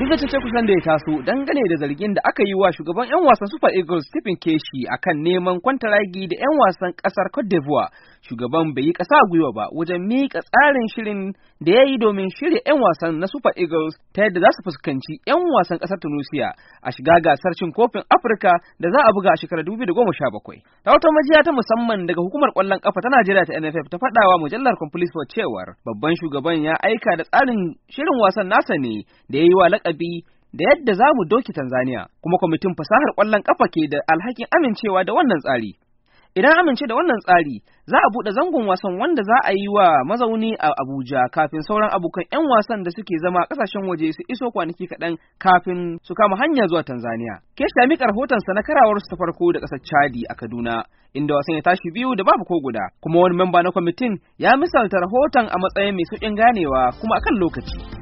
duk da ce kusan da ya taso dangane da zargin da aka yi wa shugaban 'yan wasan Super Eagles Stephen Keshi akan neman kwantaragi da 'yan wasan kasar Cote d'Ivoire shugaban bai yi ƙasa gwiwa ba wajen mika tsarin shirin da ya yi domin shirya 'yan wasan na Super Eagles ta yadda za su fuskanci 'yan wasan kasar Tunisia a shiga gasar cin kofin Afirka da za a buga a shekarar 2017. bakwai. wata majiya ta musamman daga hukumar kwallon kafa ta Najeriya ta NFF ta faɗawa mujallar Complete sport cewar babban shugaban ya aika da tsarin shirin wasan nasa ne da ya yi wa lakabi da yadda za mu doki Tanzania, kuma kwamitin fasahar ƙwallon ƙafa ke da alhakin amincewa da wannan tsari. Idan amince da wannan tsari, za a buɗe zangon wasan wanda za a yi wa mazauni a Abuja kafin sauran abokan 'yan wasan da suke zama ƙasashen waje su iso kwanaki kaɗan kafin su kama hanya zuwa Tanzania. Kesha miƙa rahotonsa na karawarsu ta farko da ƙasar Chadi a Kaduna, inda wasan ya tashi biyu da babu ko guda, kuma wani mamba na kwamitin ya misalta rahoton a matsayin mai sauƙin ganewa kuma akan lokaci.